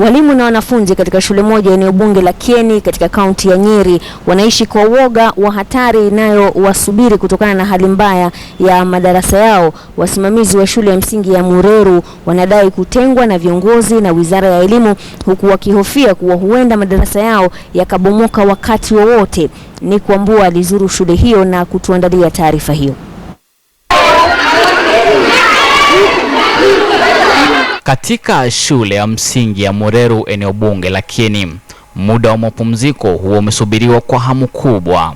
Walimu na wanafunzi katika shule moja eneo bunge la Kieni katika kaunti ya Nyeri wanaishi kwa woga wa hatari inayowasubiri kutokana na hali mbaya ya madarasa yao. Wasimamizi wa shule ya msingi ya Mureru wanadai kutengwa na viongozi na Wizara ya Elimu huku wakihofia kuwa huenda madarasa yao yakabomoka wakati wowote. Nick Wambua alizuru shule hiyo na kutuandalia taarifa hiyo. katika shule ya msingi ya Mureru eneo bunge, lakini muda wa mapumziko huo umesubiriwa kwa hamu kubwa.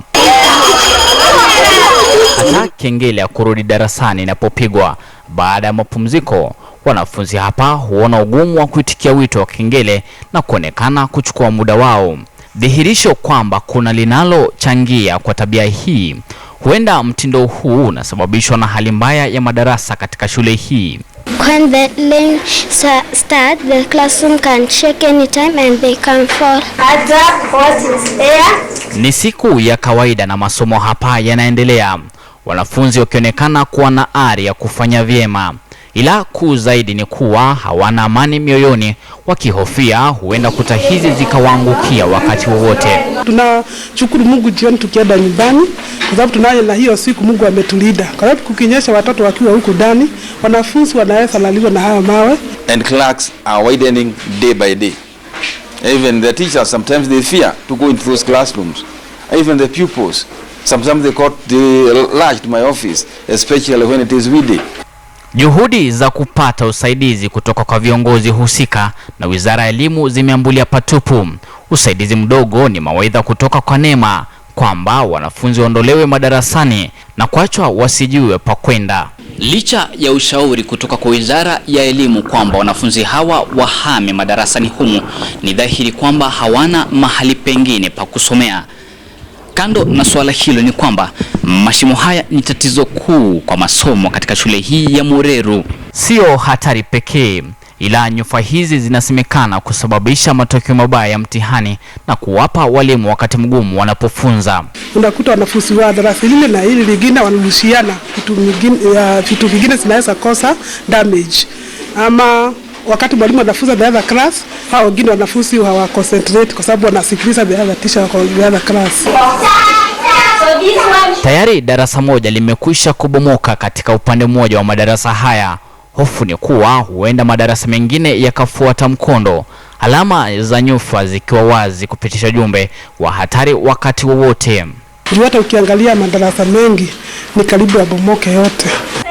Hata kengele ya kurudi darasani inapopigwa baada ya mapumziko, wanafunzi hapa huona ugumu wa kuitikia wito wa kengele na kuonekana kuchukua muda wao, dhihirisho kwamba kuna linalochangia kwa tabia hii. Huenda mtindo huu unasababishwa na hali mbaya ya madarasa katika shule hii. When they learn start, the classroom can shake time and they can fall. Ni siku ya kawaida na masomo hapa yanaendelea, wanafunzi wakionekana kuwa na ari ya kufanya vyema ila kuu zaidi ni kuwa hawana amani mioyoni, wakihofia huenda kuta hizi zikawaangukia wakati wowote. Tunashukuru Mungu jioni tukienda nyumbani, kwa sababu tunaye na hiyo siku Mungu ametulinda, kwa sababu kukinyesha watoto wakiwa huko ndani, wanafunzi wanaweza laliwa na haya mawe. And cracks are widening day by day. Even the teachers sometimes they fear to go into those classrooms. Even the pupils sometimes they got the lodged my office especially when it is windy. Juhudi za kupata usaidizi kutoka kwa viongozi husika na Wizara ya Elimu zimeambulia patupu. Usaidizi mdogo ni mawaidha kutoka kwa NEMA kwamba wanafunzi waondolewe madarasani na kuachwa wasijue pa kwenda. Licha ya ushauri kutoka kwa Wizara ya Elimu kwamba wanafunzi hawa wahame madarasani humu, ni dhahiri kwamba hawana mahali pengine pa kusomea. Kando na suala hilo ni kwamba mashimo haya ni tatizo kuu kwa masomo katika shule hii ya Mureru. Sio hatari pekee, ila nyufa hizi zinasemekana kusababisha matokeo mabaya ya mtihani na kuwapa walimu wakati mgumu wanapofunza. Unakuta wanafunzi wa darasa lile na hili lingine wanarushiana vitu vingine, zinaweza kosa damage ama wakati mwalimu anafunza the other class, hao wengine wanafunzi hawa concentrate kwa sababu wanasikiliza the other teacher kwa the other class. Tayari darasa moja limekwisha kubomoka katika upande mmoja wa madarasa haya. Hofu ni kuwa huenda madarasa mengine yakafuata mkondo, alama za nyufa zikiwa wazi kupitisha jumbe wa hatari wakati wowote. Hata ukiangalia madarasa mengi ni karibu yabomoke yote.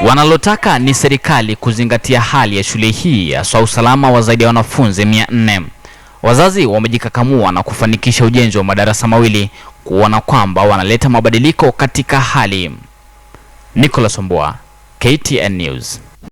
Wanalotaka ni serikali kuzingatia hali ya shule hii swa usalama wa zaidi ya wanafunzi mia nne. Wazazi wamejikakamua na kufanikisha ujenzi wa madarasa mawili kuona kwamba wanaleta mabadiliko katika hali. Nicholas Omboa, KTN News.